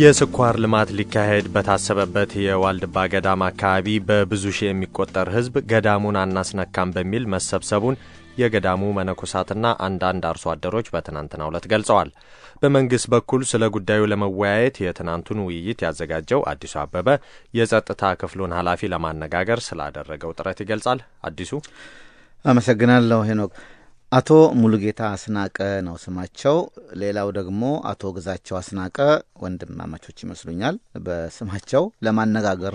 የስኳር ልማት ሊካሄድ በታሰበበት የዋልድባ ገዳም አካባቢ በብዙ ሺህ የሚቆጠር ሕዝብ ገዳሙን አናስነካም በሚል መሰብሰቡን የገዳሙ መነኮሳትና አንዳንድ አርሶ አደሮች በትናንትናው ዕለት ገልጸዋል። በመንግሥት በኩል ስለ ጉዳዩ ለመወያየት የትናንቱን ውይይት ያዘጋጀው አዲሱ አበበ የጸጥታ ክፍሉን ኃላፊ ለማነጋገር ስላደረገው ጥረት ይገልጻል። አዲሱ አመሰግናለሁ ሄኖክ። አቶ ሙሉጌታ አስናቀ ነው ስማቸው። ሌላው ደግሞ አቶ ግዛቸው አስናቀ ወንድማማቾች ይመስሉኛል በስማቸው። ለማነጋገር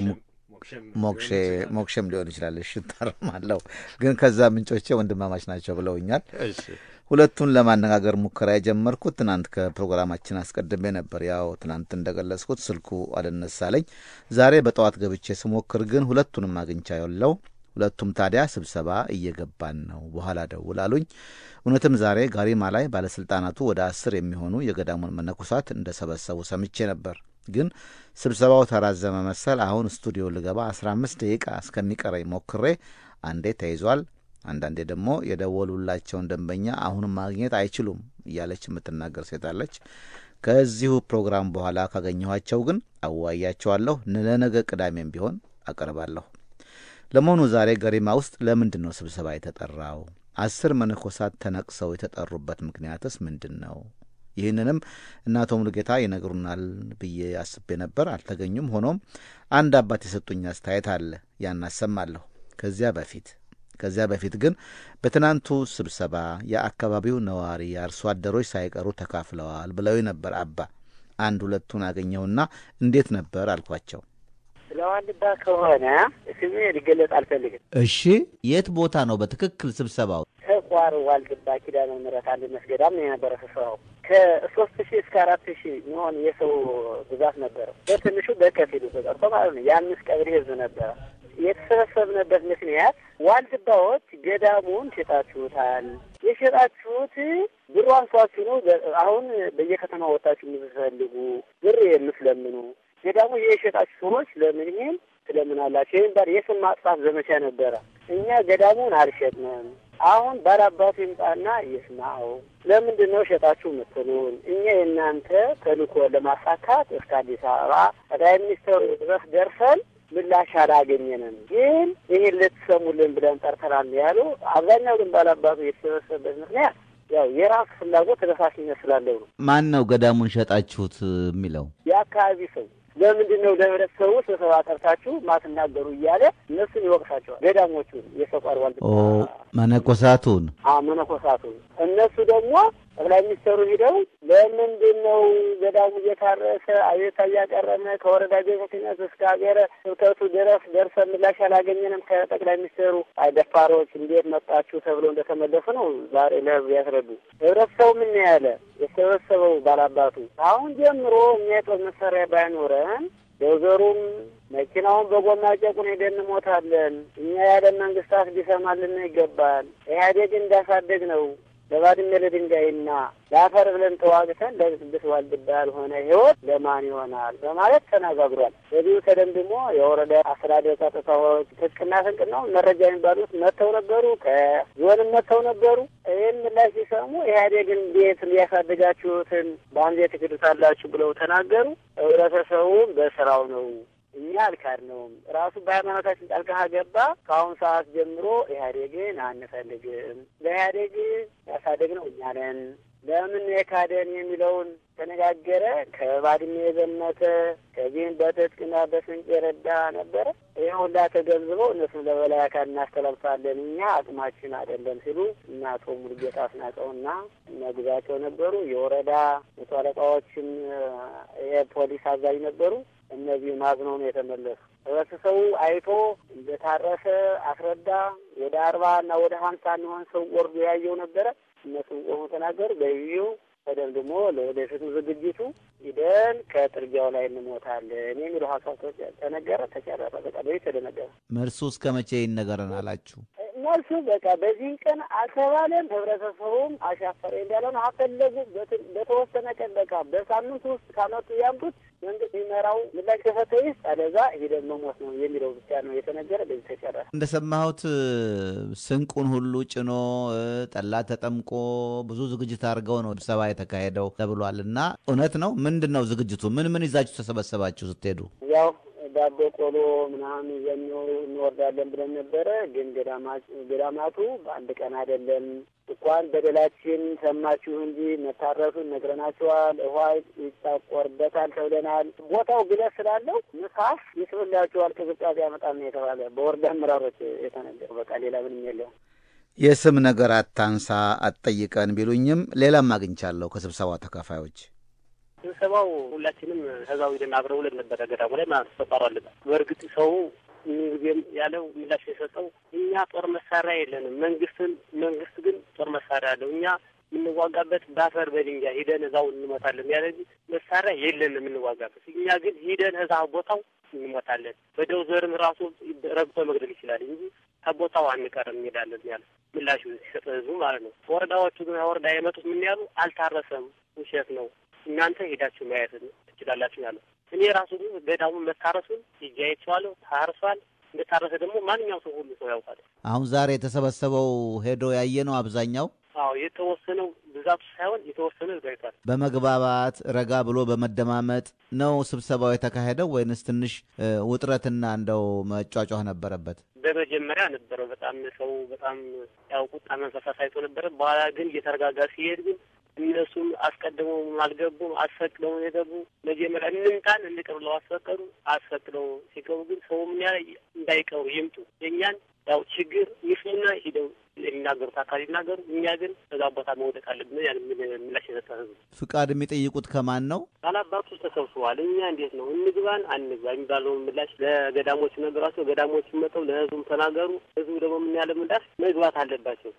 ሞክሼ ሞክሼም ሊሆን ይችላል ሽታረማለው፣ ግን ከዛ ምንጮቼ ወንድማማች ናቸው ብለውኛል። ሁለቱን ለማነጋገር ሙከራ የጀመርኩት ትናንት ከፕሮግራማችን አስቀድሜ ነበር። ያው ትናንት እንደገለጽኩት ስልኩ አልነሳለኝ። ዛሬ በጠዋት ገብቼ ስሞክር ግን ሁለቱንም አግኝቻ ያለው ሁለቱም ታዲያ ስብሰባ እየገባን ነው፣ በኋላ ደውል አሉኝ። እውነትም ዛሬ ጋሪማ ላይ ባለሥልጣናቱ ወደ አስር የሚሆኑ የገዳሙን መነኮሳት እንደሰበሰቡ ሰምቼ ነበር። ግን ስብሰባው ተራዘመ መሰል አሁን ስቱዲዮ ልገባ 15 ደቂቃ እስከሚቀረኝ ሞክሬ አንዴ ተይዟል፣ አንዳንዴ ደግሞ የደወሉላቸውን ደንበኛ አሁን ማግኘት አይችሉም እያለች የምትናገር ሴት አለች። ከዚሁ ፕሮግራም በኋላ ካገኘኋቸው ግን አዋያቸዋለሁ። ለነገ ቅዳሜም ቢሆን አቀርባለሁ። ለመሆኑ ዛሬ ገሪማ ውስጥ ለምንድን ነው ስብሰባ የተጠራው? አስር መነኮሳት ተነቅሰው የተጠሩበት ምክንያትስ ምንድን ነው? ይህንንም እናቶ አቶ ሙሉጌታ ይነግሩናል ብዬ አስቤ ነበር፣ አልተገኙም። ሆኖም አንድ አባት የሰጡኝ አስተያየት አለ፣ ያን አሰማለሁ። ከዚያ በፊት ከዚያ በፊት ግን በትናንቱ ስብሰባ የአካባቢው ነዋሪ የአርሶ አደሮች ሳይቀሩ ተካፍለዋል ብለው ነበር። አባ አንድ ሁለቱን አገኘውና እንዴት ነበር አልኳቸው። ዋልባ ከሆነ ስሜ ሊገለጽ አልፈልግም። እሺ፣ የት ቦታ ነው በትክክል ስብሰባው? ተቋር ዋልድባ ኪዳነ ምሕረት አንድነት ገዳም ነው የነበረ ስብሰባው። ከሶስት ሺህ እስከ አራት ሺህ የሚሆን የሰው ብዛት ነበረው። በትንሹ በከፊሉ ተጠርቶ ማለት ነው። የአምስት ቀበሌ ህዝብ ነበረ። የተሰበሰብንበት ምክንያት ዋልድባዎች ገዳሙን ሸጣችሁታል። የሸጣችሁት ብሩ አንሷችሁ ነው። አሁን በየከተማ ወጣችሁ የምትፈልጉ ብር የምትለምኑ የዳሙ የሸጣችሁ ሰዎች ለምን ይህን ትለምናላችሁ? ይህም ባር የስም ማጥፋት ዘመቻ ነበረ። እኛ ገዳሙን አልሸጥንም። አሁን ባላባቱ ይምጣና ይስማው። ለምንድን ነው ሸጣችሁ የምትሉን? እኛ የእናንተ ተልእኮ ለማሳካት እስከ አዲስ አበባ ጠቅላይ ሚኒስትሩ ድረስ ደርሰን ምላሽ አላገኘንም። ግን ይህን ልትሰሙልን ብለን ጠርተናል ያሉ አብዛኛው ግን ባላባቱ የተሰበሰበበት ምክንያት ያው የራሱ ፍላጎት ተነሳሽነት ስላለው ነው። ማን ነው ገዳሙን ሸጣችሁት የሚለው የአካባቢ ሰው ለምንድን ነው ለህብረተሰቡ ስብሰባ ጠርታችሁ ማትናገሩ እያለ እነሱን ይወቅሳቸዋል። ገዳሞቹን የሰቋር ዋል መነኮሳቱን መነኮሳቱን እነሱ ደግሞ ጠቅላይ ሚኒስተሩ ሂደው ለምንድን ነው ገዳሙ እየታረሰ አቤቱታ እያቀረመ ከወረዳ ቤተ እስከ ሀገረ ስብከቱ ድረስ ደርሰን ምላሽ አላገኘንም ከጠቅላይ ሚኒስተሩ አይደፋሮች እንዴት መጣችሁ ተብሎ እንደተመለሱ ነው ዛሬ ለህዝብ ያስረዱ። ህብረተሰቡ ምን ያለ የተሰበሰበው ባላባቱ አሁን ጀምሮ እኛ የጦር መሳሪያ ባይኖረን ዶዘሩም መኪናውን በጎማ ጨቁን ሄደን እንሞታለን። እኛ ያለ መንግስታት ሊሰማልን ይገባል። ኢህአዴግ እንዳሳደግ ነው በባድሜ ለድንጋይና ለአፈር ብለን ተዋግተን ለብስብስ ዋልድባ ያልሆነ ህይወት ለማን ይሆናል በማለት ተነጋግሯል። በዚሁ ተደምድሞ የወረዳ አስተዳደር ጸጥታዎች ትጥቅና ስንቅ ነው መረጃ የሚባሉት መጥተው ነበሩ፣ ከዞንም መጥተው ነበሩ። ይህን ምላሽ ሲሰሙ ኢህአዴግን ቤት ሊያሳድጋችሁትን በአንድ ትክዱታላችሁ ብለው ተናገሩ። ህብረተሰቡም በስራው ነው እኛ አልካድ ነው ራሱ በሃይማኖታችን ጣልቃ ገባ። ከአሁን ሰዓት ጀምሮ ኢህአዴግን አንፈልግም። ለኢህአዴግ ያሳደግነው እኛ ነን። ለምን የካደን የሚለውን ተነጋገረ። ከባድሜ የዘመተ ከዚህም በትጥቅና በስንቅ የረዳ ነበረ። ይህ ሁላ ተገንዝበው እነሱን ለበላይ አካል እናስተላልፋለን እኛ አቅማችን አይደለም ሲሉ እና አቶ ሙሉጌታ አስናቀውና እነ ግዛቸው ነበሩ። የወረዳ መቶ አለቃዎችም የፖሊስ አዛዥ ነበሩ። እነዚህ ማዝነው ነው የተመለሱ። ህብረተሰቡ አይቶ እንደታረሰ አስረዳ። ወደ አርባ እና ወደ ሀምሳ የሚሆን ሰው ወርዶ ያየው ነበረ። እነሱ ቆሙ ተናገሩ። በጊዜው ደግሞ ለወደፊቱ ዝግጅቱ ሂደን ከጥርጊያው ላይ እንሞታለን የሚሉ ሀሳብ ተነገረ፣ ተጨረረ በቃ በይ ተደነገረ። መልሱ እስከ መቼ ይነገረን አላችሁ? እነሱ በቃ በዚህ ቀን አልተባለም፣ ህብረተሰቡም አሻፈረ እንዳለን አፈለጉ። በተወሰነ ቀን በቃ በሳምንት ውስጥ ካመጡ ያምጡት፣ መንግስት የሚመራው ምላሽ ከሰጠ ይስ አለዛ ደግሞ ሞት ነው የሚለው ብቻ ነው የተነገረ። በዚህ ተጨረሰ። እንደሰማሁት ስንቁን ሁሉ ጭኖ ጠላ ተጠምቆ ብዙ ዝግጅት አድርገው ነው ስብሰባ የተካሄደው ተብሏል። እና እውነት ነው ምንድን ነው ዝግጅቱ? ምን ምን ይዛችሁ ተሰበሰባችሁ ስትሄዱ? ያው ዳቦ ቆሎ ምናምን ይዘን እንወርዳለን ብለን ነበረ። ግን ገዳማቱ በአንድ ቀን አይደለም። እንኳን በደላችን ሰማችሁ እንጂ መታረሱን ነግረናችኋል። ውሃ ይጠቆርበታል ተብለናል። ቦታው ግለት ስላለው ንፋስ ይስብላችኋል፣ ቅዝቃዜ ያመጣል ነው የተባለ በወረዳ አመራሮች የተነገረው። በቃ ሌላ ምንም የለውም። የስም ነገር አታንሳ አትጠይቀን ቢሉኝም ሌላም አግኝቻለሁ ከስብሰባ ተካፋዮች ስብሰባው ሁላችንም ህዛዊ ደን አብረ ውለን ነበረ ገዳሙ ላይ ማለት ተጠሩ አለበት። በእርግጥ ሰው ጊዜም ያለው ምላሽ የሰጠው እኛ ጦር መሳሪያ የለንም፣ መንግስትን መንግስት ግን ጦር መሳሪያ አለው እኛ የምንዋጋበት በአፈር በድንጋይ ሂደን እዛው እንሞታለን ያለ መሳሪያ የለን የምንዋጋበት። እኛ ግን ሂደን እዛ ቦታው እንሞታለን። በደው ዘርም ራሱ ረግቶ መግደል ይችላል እንጂ ከቦታው አንቀርም እንሄዳለን ያለ ምላሽ ሲሰጥ ህዝቡ ማለት ነው። ወረዳዎቹ ግን ወረዳ የመጡት ምን ያሉ አልታረሰም፣ ውሸት ነው እናንተ ሄዳችሁ ማየት ትችላላችሁ ያለው። እኔ ራሱ ገዳሙ መታረሱን ሄጄ አይቼዋለሁ። ታርሷል። እንደታረሰ ደግሞ ማንኛውም ሰው ሁሉ ሰው ያውቃል። አሁን ዛሬ የተሰበሰበው ሄዶ ያየ ነው አብዛኛው። አዎ የተወሰነው ብዛቱ ሳይሆን የተወሰነ ዛይቷል። በመግባባት ረጋ ብሎ በመደማመጥ ነው ስብሰባው የተካሄደው ወይንስ ትንሽ ውጥረትና እንደው መጫጫህ ነበረበት? በመጀመሪያ ነበረው በጣም ሰው በጣም ያው ቁጣ መንፈሳ ሳይቶ ነበረ። በኋላ ግን እየተረጋጋ ሲሄድ ግን እነሱም አስቀድሞ አልገቡም። አስፈቅደው የገቡ መጀመሪያ እንምጣን እንቅር ብለው አስፈቀዱ። አስፈቅደው ሲገቡ ግን ሰው ምን ያ እንዳይቀሩ ይምጡ የእኛን ያው ችግር ይፍና ሂደው የሚናገሩት አካል ይናገሩ። እኛ ግን በዛ ቦታ መውደቅ አለብን። ያን ምላሽ የሰጠ ህዝብ ፍቃድ የሚጠይቁት ከማን ነው? ባላባቶች ተሰብስበዋል። እኛ እንዴት ነው እንግባን አንግባ የሚባለው ምላሽ ለገዳሞች ነገሯቸው። ገዳሞች መጠው ለህዝቡም ተናገሩ። ህዝቡ ደግሞ ምን ያለ ምላሽ መግባት አለባቸው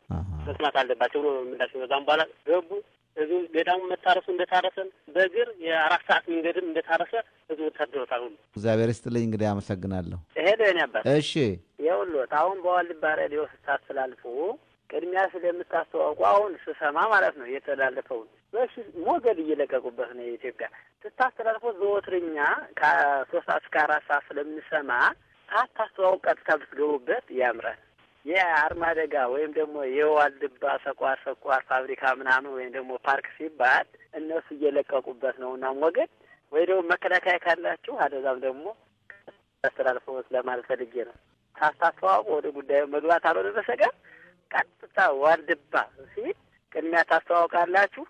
መስማት አለባቸው ብሎ ምላሽ። በዛም በኋላ ገቡ። ህዝቡ ገዳሙ መታረሱ እንደታረሰ በእግር የአራት ሰዓት መንገድም እንደታረሰ ህዝቡ ተድሮታል። ሁሉ እግዚአብሔር ይስጥልኝ። እንግዲህ አመሰግናለሁ። ይሄ ደኔ ያባል እሺ፣ የሁሎት አሁን በዋል በዋልባ ሊዮ ስታስተላልፉ ቅድሚያ ስለምታስተዋውቁ አሁን ስሰማ ማለት ነው የተላለፈውን በሺ ሞገድ እየለቀቁበት ነው የኢትዮጵያ ስታስተላልፎ ዘወትርኛ ከሶስት ሰዓት እስከ አራት ሰዓት ስለምንሰማ አታስተዋውቅ ቀጥታ ብትገቡበት ያምራል። የአርማደጋ ወይም ደግሞ የዋልድባ ሰኳር ሰኳር ፋብሪካ ምናምን ወይም ደግሞ ፓርክ ሲባል እነሱ እየለቀቁበት ነው እና ሞገድ ወይ ደግሞ መከላከያ ካላችሁ አደዛም ደግሞ አስተላልፈውስ ለማለት ፈልጌ ነው። ታስታስተዋወቁ ወደ ጉዳዩ መግባት አልሆነ በስተቀር ቀጥታ ዋልድባ ሲል ቅድሚያ ታስተዋውቃላችሁ።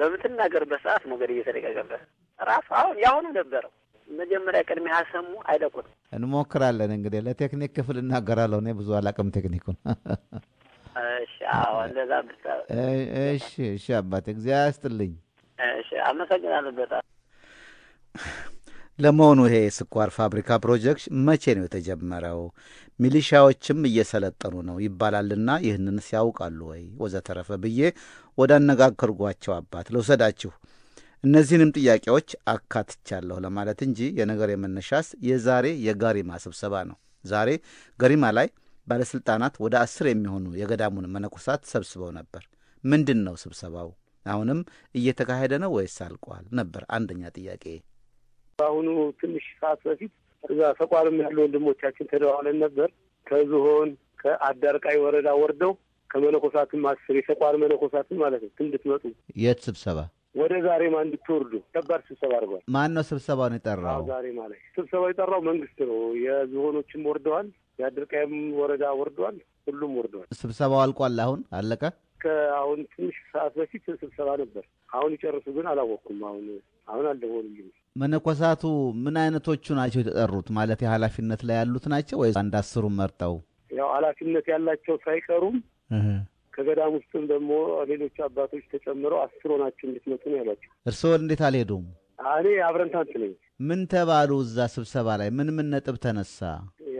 በምትናገርበት ሰዓት ሞገድ እየተደጋገመበት ራሱ አሁን የአሁኑ ነበረው መጀመሪያ ቅድሚያ አሰሙ አይለቁት። እንሞክራለን እንግዲህ ለቴክኒክ ክፍል እናገራለሁ። እኔ ብዙ አላቅም ቴክኒኩን። እሺ እሺ፣ አባቴ እግዚአብሔር ያስጥልኝ። አመሰግናለሁ በጣም። ለመሆኑ ይሄ የስኳር ፋብሪካ ፕሮጀክት መቼ ነው የተጀመረው? ሚሊሻዎችም እየሰለጠኑ ነው ይባላልና ይህንን ሲያውቃሉ ወይ? ወዘተረፈ ብዬ ወደ አባት ልውሰዳችሁ። እነዚህንም ጥያቄዎች አካትቻለሁ ለማለት እንጂ የነገር የመነሻስ የዛሬ የጋሪማ ስብሰባ ነው። ዛሬ ገሪማ ላይ ባለሥልጣናት ወደ አስር የሚሆኑ የገዳሙን መነኮሳት ሰብስበው ነበር። ምንድን ነው ስብሰባው? አሁንም እየተካሄደ ነው ወይስ አልቋል? ነበር አንደኛ ጥያቄ። በአሁኑ ትንሽ ሰዓት በፊት እዛ ተቋርም ያሉ ወንድሞቻችን ተደዋውለን ነበር። ከዝሆን ከአዳርቃይ ወረዳ ወርደው ከመነኮሳትም አስር የተቋር መነኮሳትም ማለት ነው እንድትመጡ የት ስብሰባ ወደ ዛሬማ እንድትወርዱ ከባድ ስብሰባ አድርጓል። ማን ነው ስብሰባውን የጠራው? ዛሬ ማለት ስብሰባ የጠራው መንግስት ነው። የዝሆኖችም ወርደዋል። የአድርቃይም ወረዳ ወርደዋል። ሁሉም ወርደዋል። ስብሰባው አልቋል። አሁን አለቀ። ከአሁን ትንሽ ሰዓት በፊት ስብሰባ ነበር። አሁን ይጨርሱ ግን አላወቅኩም። አሁን አሁን አልደወሉልኝም። መነኮሳቱ ምን አይነቶቹ ናቸው የተጠሩት? ማለት የኃላፊነት ላይ ያሉት ናቸው ወይ አንድ አስሩም መርጠው ያው ኃላፊነት ያላቸው ሳይቀሩም ከገዳም ውስጥም ደግሞ ሌሎች አባቶች ተጨምረው አስር እንዴት እንድትመጡ ነው ያሏቸው። እርስዎ እንዴት አልሄዱም? እኔ አብረንታንት ነኝ። ምን ተባሉ? እዛ ስብሰባ ላይ ምን ምን ነጥብ ተነሳ?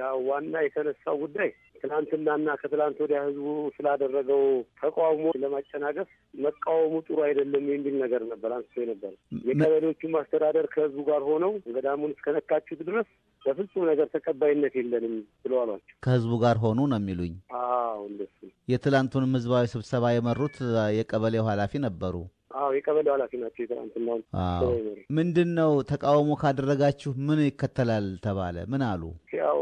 ያው ዋና የተነሳው ጉዳይ ትናንትናና ከትላንት ወዲያ ህዝቡ ስላደረገው ተቃውሞ ለማጨናገፍ መቃወሙ ጥሩ አይደለም የሚል ነገር ነበር አንስቶ ነበር። የቀበሌዎቹ አስተዳደር ከህዝቡ ጋር ሆነው ገዳሙን እስከነካችሁት ድረስ በፍጹም ነገር ተቀባይነት የለንም ብለዋሏቸው። ከህዝቡ ጋር ሆኑ ነው የሚሉኝ? አዎ እንደሱ የትላንቱንም ህዝባዊ ስብሰባ የመሩት የቀበሌው ኃላፊ ነበሩ። አዎ የቀበሌው ኃላፊ ናቸው። የትላንትናውን ምንድን ነው ተቃውሞ ካደረጋችሁ ምን ይከተላል ተባለ? ምን አሉ? ያው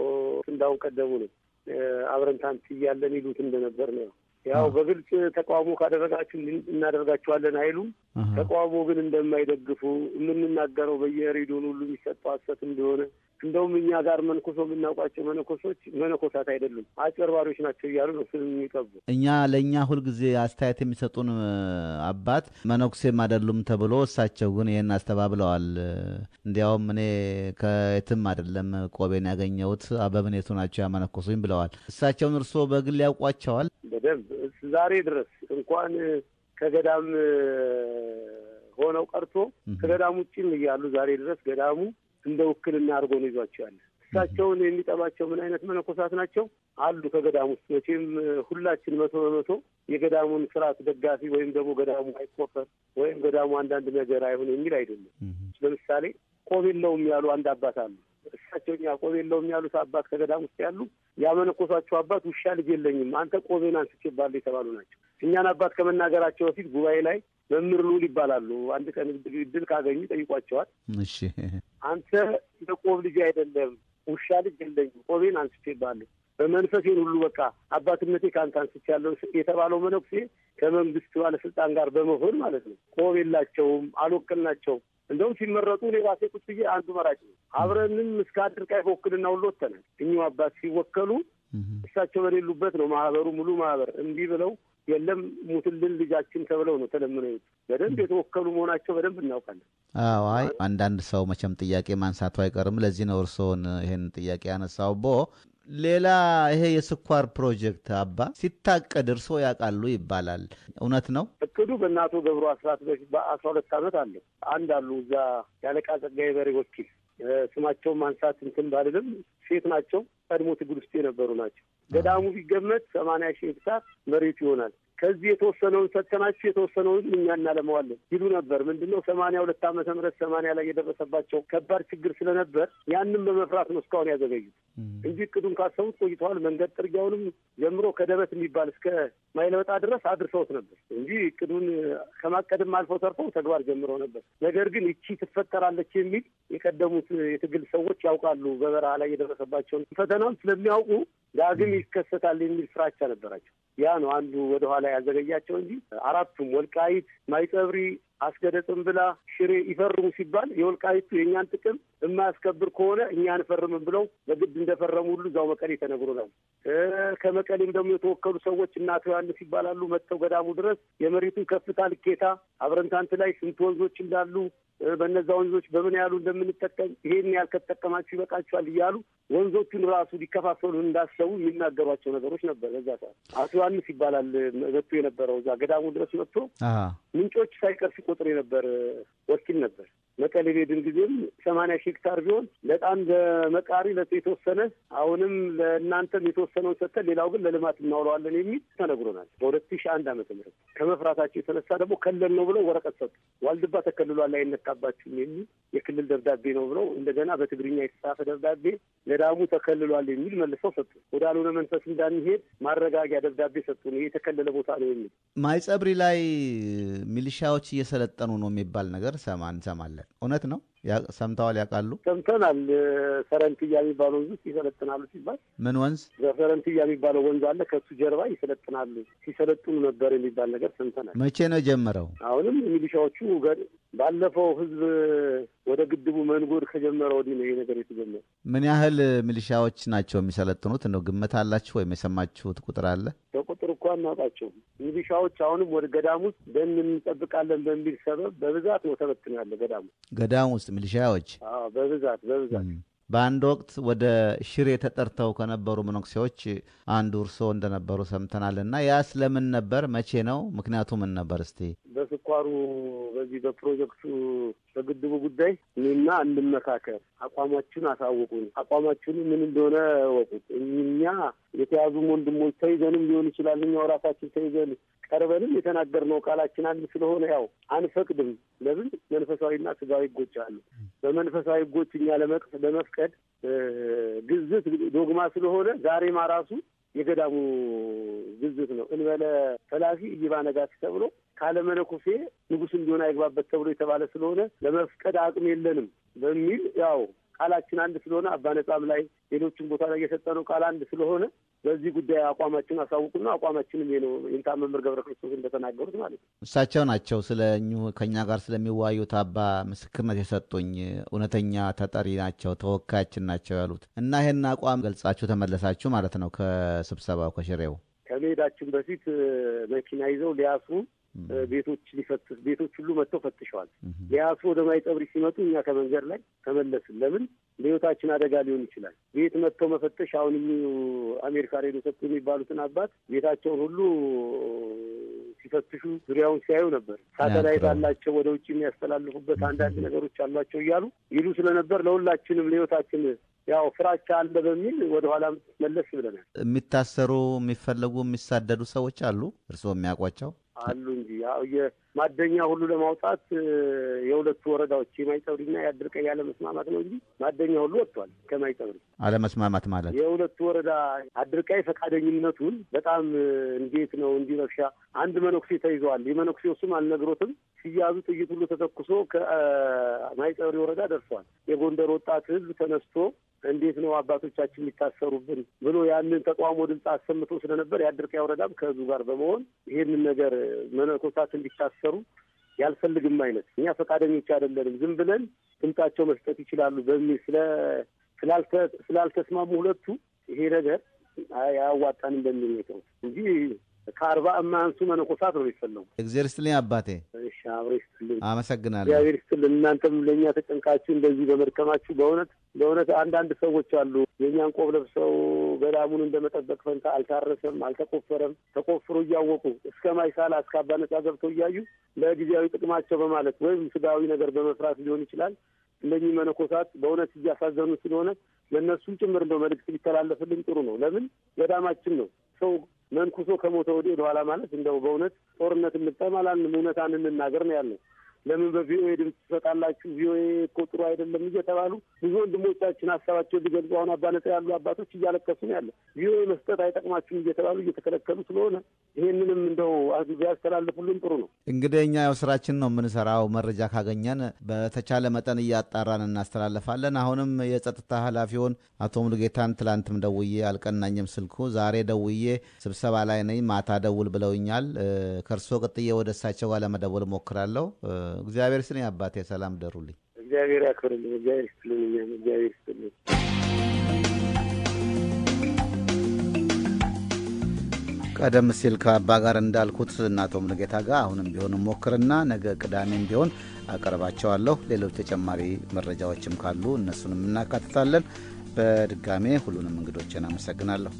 እንዳሁን ቀደሙ ነው አብረን ታንት እያለን ይሉት እንደነበር ነው ያው በግልጽ ተቃውሞ ካደረጋችሁ እናደርጋችኋለን አይሉም። ተቃውሞ ግን እንደማይደግፉ የምንናገረው በየሬዲዮን ሁሉ የሚሰጠው ሀሰት እንደሆነ እንደውም እኛ ጋር መንኮሶ የምናውቋቸው መነኮሶች መነኮሳት አይደሉም አጭበርባሪዎች ናቸው እያሉ ነው ስም የሚቀቡ። እኛ ለእኛ ሁልጊዜ አስተያየት የሚሰጡን አባት መነኩሴም አይደሉም ተብሎ እሳቸው ግን ይህን አስተባብለዋል። እንዲያውም እኔ ከየትም አይደለም ቆቤን ያገኘሁት አበምኔቱ ናቸው ያመነኮሱኝ ብለዋል። እሳቸውን እርስዎ በግል ያውቋቸዋል? በደንብ ዛሬ ድረስ እንኳን ከገዳም ሆነው ቀርቶ ከገዳም ውጭም እያሉ ዛሬ ድረስ ገዳሙ እንደ ውክልና አድርጎ ነው ይዟቸው ያለ። እሳቸውን የሚጠባቸው ምን አይነት መነኮሳት ናቸው አሉ ከገዳም ውስጥ መቼም ሁላችን መቶ በመቶ የገዳሙን ስርዓት ደጋፊ ወይም ደግሞ ገዳሙ አይቆፈር ወይም ገዳሙ አንዳንድ ነገር አይሆን የሚል አይደለም። ለምሳሌ ቆብ የለውም ያሉ አንድ አባት አሉ። እሳቸው እኛ ቆብ የለውም ያሉት አባት ከገዳም ውስጥ ያሉ ያመነኮሷቸው አባት ውሻ ልጅ የለኝም አንተ ቆቤን አንስቼባለሁ የተባሉ ናቸው። እኛን አባት ከመናገራቸው በፊት ጉባኤ ላይ መምህር ልዑል ይባላሉ። አንድ ቀን እድል ካገኙ ጠይቋቸዋል። እሺ አንተ ቆብ ልጅ አይደለም ውሻ ልጅ የለኝ ቆቤን ይባሉ በመንፈሴን ሁሉ በቃ አባትነቴ ከአንተ ያለው የተባለው መነኩሴ ከመንግስት ባለስልጣን ጋር በመሆን ማለት ነው። ቆብ የላቸውም፣ አልወከልናቸውም። እንደውም ሲመረጡ እኔ ራሴ ቁጭ ብዬ አንዱ መራጭ ነው። አብረንም እስከ አድርቃይ በውክልና ሁሉ ወተናል። እኚሁ አባት ሲወከሉ እሳቸው በሌሉበት ነው ማህበሩ ሙሉ ማህበር እምቢ ብለው የለም ሙትልን ልጃችን ተብለው ነው ተለምነው በደንብ የተወከሉ መሆናቸው በደንብ እናውቃለን። አዎ አይ አንዳንድ ሰው መቼም ጥያቄ ማንሳቱ አይቀርም። ለዚህ ነው እርስዎን ይህን ጥያቄ ያነሳው ቦ ሌላ ይሄ የስኳር ፕሮጀክት አባ ሲታቀድ እርስዎ ያውቃሉ ይባላል። እውነት ነው። እቅዱ በእነ አቶ ገብሩ አስራት በፊት በአስራ ሁለት ዓመት አለው አንድ አሉ እዛ ያለቃ ጸጋዬ በሬ ወኪል ስማቸው ማንሳት እንትን ባልልም ሴት ናቸው። ቀድሞ ትግል ውስጥ የነበሩ ናቸው። ገዳሙ ቢገመት ሰማንያ ሺህ ሄክታር መሬት ይሆናል። ከዚህ የተወሰነውን ሰጥተናችሁ የተወሰነውን እኛ እናለመዋለን ይሉ ነበር። ምንድነው ሰማንያ ሁለት ዓመተ ምህረት ሰማንያ ላይ የደረሰባቸው ከባድ ችግር ስለነበር ያንም በመፍራት ነው እስካሁን ያዘገዩት እንጂ እቅዱን ካሰቡት ቆይተዋል። መንገድ ጥርጊያውንም ጀምሮ ከደበት የሚባል እስከ ማይለወጣ ድረስ አድርሰውት ነበር እንጂ እቅዱን ከማቀድም አልፎ ተርፈው ተግባር ጀምሮ ነበር። ነገር ግን ይቺ ትፈጠራለች የሚል የቀደሙት የትግል ሰዎች ያውቃሉ። በበረሃ ላይ የደረሰባቸውን ፈተናም ስለሚያውቁ ዳግም ይከሰታል የሚል ፍራቻ ነበራቸው። ያ ነው አንዱ ወደኋላ ያዘገያቸው እንጂ አራቱም ወልቃይት፣ ማይጸብሪ፣ አስገደ ጽምብላ፣ ሽሬ ይፈርሙ ሲባል የወልቃይቱ የእኛን ጥቅም የማያስከብር ከሆነ እኛ አንፈርምም ብለው በግድ እንደፈረሙ ሁሉ እዛው መቀሌ ነው። ከመቀሌም ደግሞ የተወከሉ ሰዎች እና አቶ ዮሐንስ ይባላሉ መጥተው ገዳሙ ድረስ የመሬቱን ከፍታ ልኬታ አብረንታንት ላይ ስንት ወንዞች እንዳሉ በነዛ ወንዞች በምን ያህሉ እንደምንጠቀም ይሄን ያህል ከተጠቀማችሁ ይበቃችኋል እያሉ ወንዞቹን ራሱ ሊከፋፈሉ እንዳሰቡ የሚናገሯቸው ነገሮች ነበር። በዛ ሰዓት አቶ ዮሐንስ ይባላል መጥቶ የነበረው እዛ ገዳሙ ድረስ መጥቶ ምንጮች ሳይቀር ሲቆጥር የነበር ወኪል ነበር። መቀሌ ቤድን ጊዜም ሰማንያ ሺህ ሄክታር ቢሆን በጣም ለ የተወሰነ አሁንም ለእናንተም የተወሰነውን ሰጥተን ሌላው ግን ለልማት እናውለዋለን የሚል ተነግሮናል። በሁለት ሺህ አንድ ዓመተ ምህረት ከመፍራታቸው የተነሳ ደግሞ ከለል ነው ብለው ወረቀት ሰጡ። ዋልድባ ተከልሏል አይነት አልተሳካባችሁም የሚል የክልል ደብዳቤ ነው ብለው እንደገና በትግርኛ የተጻፈ ደብዳቤ ለዳሙ ተከልሏል የሚል መልሰው ሰጡ። ወዳልሆነ መንፈስ እንዳንሄድ ማረጋጊያ ደብዳቤ ሰጡ። ይሄ የተከለለ ቦታ ነው የሚል ማይጸብሪ ላይ ሚሊሻዎች እየሰለጠኑ ነው የሚባል ነገር ሰማ እንሰማለን። እውነት ነው? ሰምተዋል? ያውቃሉ? ሰምተናል። ፈረንትያ የሚባለ ወንዝ ውስጥ ይሰለጥናሉ ሲባል ምን ወንዝ? ፈረንትያ የሚባለው ወንዝ አለ፣ ከሱ ጀርባ ይሰለጥናሉ፣ ሲሰለጥኑ ነበር የሚባል ነገር ሰምተናል። መቼ ነው ጀምረው አሁንም ሚሊሻዎቹ ባለፈው ህዝብ ወደ ግድቡ መንጎድ ከጀመረ ወዲህ ነው ይሄ ነገር የተጀመረ። ምን ያህል ሚሊሻዎች ናቸው የሚሰለጥኑት? እንደው ግምት አላችሁ ወይም የሰማችሁት ቁጥር አለ? በቁጥር እኮ አናውቃቸውም። ሚሊሻዎች አሁንም ወደ ገዳም ውስጥ ደን እንጠብቃለን በሚል ሰበብ በብዛት ነው ተበትን ያለ ገዳም ውስጥ ገዳም ውስጥ ሚሊሻዎች በብዛት በብዛት በአንድ ወቅት ወደ ሽሬ ተጠርተው ከነበሩ መነኩሴዎች አንዱ እርሶ እንደነበሩ ሰምተናል። እና ያ ስለምን ነበር? መቼ ነው? ምክንያቱ ምን ነበር? እስቲ በስኳሩ በዚህ በፕሮጀክቱ በግድቡ ጉዳይ እኔና እንመካከር፣ አቋማችን አሳውቁን፣ አቋማችን ምን እንደሆነ ወቁት። እኛ የተያዙም ወንድሞች ተይዘንም ሊሆን ይችላል እኛው ራሳችን ተይዘን ቀርበንም የተናገርነው ቃላችን አንድ ስለሆነ ያው አንፈቅድም። ለምን መንፈሳዊና ስጋዊ ህጎች አሉ። በመንፈሳዊ ህጎች እኛ ለመፍቀድ ግዝት ዶግማ ስለሆነ ዛሬማ ራሱ የገዳሙ ግዝት ነው። እንበለ ፈላፊ እይባ ነጋሲ ተብሎ ካለመነኮሴ ንጉስ እንዲሆን አይግባበት ተብሎ የተባለ ስለሆነ ለመፍቀድ አቅም የለንም በሚል ያው ቃላችን አንድ ስለሆነ አባ ነጻም ላይ ሌሎችን ቦታ ላይ የሰጠነው ቃል አንድ ስለሆነ በዚህ ጉዳይ አቋማችን አሳውቁና አቋማችንም ነው። ይንታ መምህር ገብረ ክርስቶስ እንደተናገሩት ማለት ነው። እሳቸው ናቸው ስለ እኚሁ ከእኛ ጋር ስለሚዋዩት አባ ምስክርነት የሰጡኝ እውነተኛ ተጠሪ ናቸው፣ ተወካያችን ናቸው ያሉት እና ይህን አቋም ገልጻችሁ ተመለሳችሁ ማለት ነው ከስብሰባው ከሽሬው ከመሄዳችን በፊት መኪና ይዘው ሊያስሩ ቤቶች ሊፈትሽ ቤቶች ሁሉ መጥተው ፈትሸዋል። ሊያስሮ ወደ ማይጸብሪ ሲመጡ እኛ ከመንገድ ላይ ተመለስን። ለምን ለህይወታችን አደጋ ሊሆን ይችላል። ቤት መጥተው መፈተሽ አሁን አሜሪካ ሬዲዮ ሰጡ የሚባሉትን አባት ቤታቸውን ሁሉ ሲፈትሹ ዙሪያውን ሲያዩ ነበር። ሳተላይት አላቸው፣ ወደ ውጭ የሚያስተላልፉበት አንዳንድ ነገሮች አሏቸው እያሉ ይሉ ስለነበር ለሁላችንም ለህይወታችን ያው ፍራቻ አለ በሚል ወደኋላ መለስ ብለናል። የሚታሰሩ የሚፈለጉ የሚሳደዱ ሰዎች አሉ እርስዎ የሚያውቋቸው? አሉ እንጂ የማደኛ ሁሉ ለማውጣት የሁለቱ ወረዳዎች የማይጠብሪና የአድርቀይ አለመስማማት ነው እንጂ ማደኛ ሁሉ ወጥቷል። ከማይጠብሪ አለመስማማት ማለት የሁለቱ ወረዳ አድርቀይ ፈቃደኝነቱን በጣም እንዴት ነው እንዲህ አንድ መነኩሴ ተይዘዋል። የመነኩሴው ስም አልነግሮትም። ሲያዙ ጥይት ሁሉ ተተኩሶ ከማይጠብሪ ወረዳ ደርሷል። የጎንደር ወጣት ህዝብ ተነስቶ እንዴት ነው አባቶቻችን የሚታሰሩብን ብሎ ያንን ተቋሞ ድምፅ አሰምቶ ስለነበር የአድርቃይ ወረዳም ከህዝቡ ጋር በመሆን ይህንን ነገር መነኮሳት እንዲታሰሩ ያልፈልግም አይነት እኛ ፈቃደኞች አይደለንም፣ ዝም ብለን ድምጻቸው መስጠት ይችላሉ በሚል ስላልተስማሙ ሁለቱ ይሄ ነገር አያዋጣንም በሚል ነው እንጂ ከአርባ እማንሱ መነኮሳት ነው የሚፈለጉ። እግዚአብሔር ይስጥልኝ አባቴ። እሺ አብሮ ይስጥልኝ። አመሰግናለሁ። እግዚአብሔር ይስጥልን። እናንተም ለእኛ ተጨንቃችሁ እንደዚህ በመድከማችሁ በእውነት በእውነት አንዳንድ ሰዎች አሉ የእኛን ቆብ ለብሰው ገዳሙን እንደመጠበቅ ፈንታ አልታረሰም፣ አልተቆፈረም ተቆፍሮ እያወቁ እስከ ማይሳላ እስከ አባ ነጻ ገብተው እያዩ ለጊዜያዊ ጥቅማቸው በማለት ወይም ስጋዊ ነገር በመፍራት ሊሆን ይችላል። እነዚህ መነኮሳት በእውነት እያሳዘኑ ስለሆነ ለእነሱም ጭምር እንደው መልእክት ቢተላለፍልን ጥሩ ነው። ለምን ገዳማችን ነው ሰው መንኩሶ ከሞተ ወዲህ ወደኋላ ማለት እንደው በእውነት ጦርነት እንጠማላን እውነት አንናገር ነው ያለው። ለምን በቪኦኤ ድምፅ ትሰጣላችሁ? ቪኦኤ እኮ ጥሩ አይደለም እየተባሉ ብዙ ወንድሞቻችን ሀሳባቸውን ሊገልጹ አሁን አባነጻ ያሉ አባቶች እያለቀሱ ነው ያለ። ቪኦኤ መስጠት አይጠቅማችሁም እየተባሉ እየተከለከሉ ስለሆነ ይሄንንም እንደው ቢያስተላልፉልን ጥሩ ነው። እንግዲህ እኛ ያው ስራችን ነው የምንሰራው። መረጃ ካገኘን በተቻለ መጠን እያጣራን እናስተላልፋለን። አሁንም የጸጥታ ኃላፊውን አቶ ሙሉጌታን ትላንትም ደውዬ አልቀናኝም ስልኩ። ዛሬ ደውዬ ስብሰባ ላይ ነኝ ማታ ደውል ብለውኛል። ከእርስዎ ቅጥዬ ወደ እሳቸው ጋር ለመደወል እሞክራለሁ። እግዚአብሔር ስነ አባቴ፣ ሰላም ደሩልኝ። እግዚአብሔር ያክብርልኝ። እግዚአብሔር ስጥልኝ። እግዚአብሔር ቀደም ሲል ከአባ ጋር እንዳልኩት እና አቶ ሙሉጌታ ጋር አሁንም ቢሆን ሞክርና ነገ ቅዳሜም ቢሆን አቀርባቸዋለሁ። ሌሎች ተጨማሪ መረጃዎችም ካሉ እነሱንም እናካትታለን። በድጋሜ ሁሉንም እንግዶችን አመሰግናለሁ።